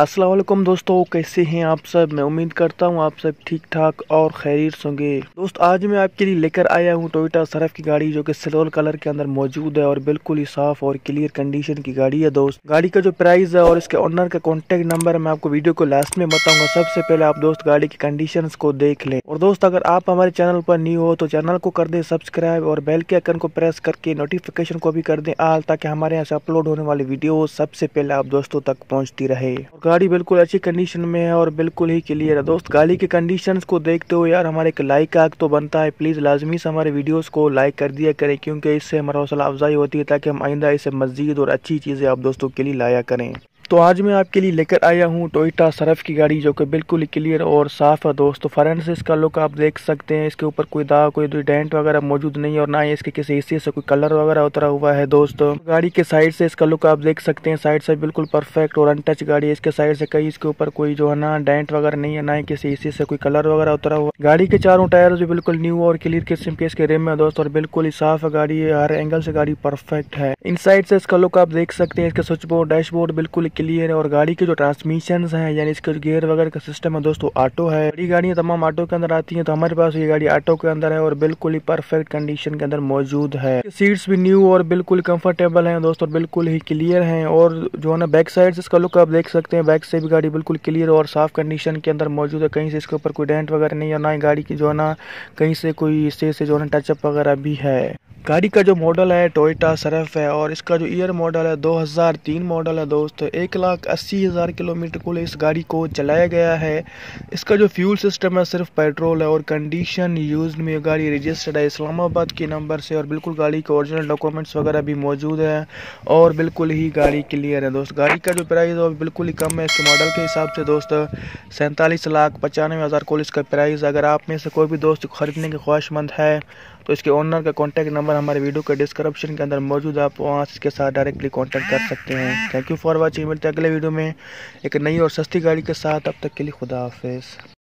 असलम दोस्तों कैसे हैं आप सब मैं उम्मीद करता हूं आप सब ठीक ठाक और खैरियत होंगे दोस्त आज मैं आपके लिए लेकर आया हूं टोयोटा सरफ की गाड़ी जो कि सिल्वर कलर के अंदर मौजूद है और बिल्कुल ही साफ और क्लियर कंडीशन की गाड़ी है दोस्त गाड़ी का जो प्राइस है और इसके ऑनर का कॉन्टेक्ट नंबर मैं आपको वीडियो को लास्ट में बताऊंगा सबसे पहले आप दोस्त गाड़ी की कंडीशन को देख लें और दोस्त अगर आप हमारे चैनल पर न्यू हो तो चैनल को कर दें सब्सक्राइब और बेल के आइकन को प्रेस करके नोटिफिकेशन को भी कर दें आल ताकि हमारे यहाँ से अपलोड होने वाली वीडियो सबसे पहले आप दोस्तों तक पहुँचती रहे गाड़ी बिल्कुल अच्छी कंडीशन में है और बिल्कुल ही क्लियर है दोस्त गाड़ी के कंडीशंस को देखते हुए यार हमारे एक लाइक का हक तो बनता है प्लीज़ लाजमी से हमारे वीडियोस को लाइक कर दिया करें क्योंकि इससे हमारा हौसला अफजाई होती है ताकि हम आइंदा इसे मज़ीद और अच्छी चीज़ें आप दोस्तों के लिए लाया करें तो आज मैं आपके लिए लेकर आया हूँ टोयटा सरफ की गाड़ी जो कि बिल्कुल ही क्लियर और साफ़ है दोस्तों फ्रेंड से इसका लुक आप देख सकते हैं इसके ऊपर कोई दाग कोई डेंट वगैरह मौजूद नहीं है और ना ही इसके किसी हिस्से से कोई कलर वगैरह उतरा हुआ है दोस्तों गाड़ी के साइड से इसका लुक आप देख सकते हैं साइड से बिल्कुल परफेक्ट और अनटच गाड़ी है इसके साइड से कहीं इसके ऊपर कोई जो है ना डेंट वगैरह नहीं है ना ही किसी हिस्से से कोई कलर वगैरह उतरा हुआ गाड़ी के चारों टायर जो बिल्कुल न्यू और क्लियर किस्म के इसके रिम है दोस्तों और बिल्कुल ही साफ है गाड़ी हर एंगल से गाड़ी परफेक्ट है इन साइड से इसका लुक आप देख सकते हैं इसके स्विच बोर्ड डैशबोर्ड बिल्कुल क्लियर है और गाड़ी के जो ट्रांसमिशन है यानी इसके जो गेयर वगैरह का सिस्टम है दोस्तों ऑटो है बड़ी गाड़ियाँ तमाम ऑटो के अंदर आती है तो हमारे पास ये गाड़ी ऑटो के अंदर है और बिल्कुल ही परफेक्ट कंडीशन के अंदर मौजूद है सीट्स भी न्यू और बिल्कुल कंफर्टेबल है दोस्तों बिल्कुल ही क्लियर है और जो है ना बैक साइड से इसका लुक आप देख सकते हैं बैक से भी गाड़ी बिल्कुल क्लियर और साफ कंडीशन के अंदर मौजूद है कहीं से इसके ऊपर कोई डेंट वगैरह नहीं है ना ही गाड़ी की जो है ना कहीं से कोई इससे से जो है ना टचअप वगैरह भी है गाड़ी का जो मॉडल है टोयोटा सरफ है और इसका जो ईयर मॉडल है 2003 मॉडल है दोस्तों एक लाख अस्सी हज़ार किलोमीटर को इस गाड़ी को चलाया गया है इसका जो फ्यूल सिस्टम है सिर्फ पेट्रोल है और कंडीशन यूज में गाड़ी रजिस्टर्ड है इस्लामाबाद के नंबर से और बिल्कुल गाड़ी के ओरिजिनल डॉक्यूमेंट्स वगैरह भी मौजूद हैं और बिल्कुल ही गाड़ी क्लियर है दोस्त गाड़ी का जो प्राइस है बिल्कुल ही कम है इसके मॉडल के हिसाब से दोस्त सैंतालीस लाख पचानवे हज़ार को इसका प्राइस अगर आप में से कोई भी दोस्त खरीदने की ख्वाहिशमंद है तो इसके ओनर का कॉन्टैक्ट नंबर हमारे वीडियो के डिस्क्रिप्शन के अंदर मौजूद है आप वहाँ इसके साथ डायरेक्टली कॉन्टैक्ट कर सकते हैं थैंक यू फॉर वॉचिंग मिलते हैं अगले वीडियो में एक नई और सस्ती गाड़ी के साथ अब तक के लिए खुदा हाफिज़